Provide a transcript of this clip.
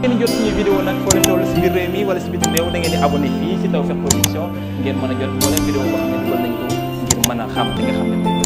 ngeen jot suñu vidéo nag foo leen toll si biir réew mi wala si biti réew ngeen di abonné fii si Tawfekh ngeen mën a jot moo leen vidéo boo xam ne dugal nañ ko ngir mën a xam li nga xam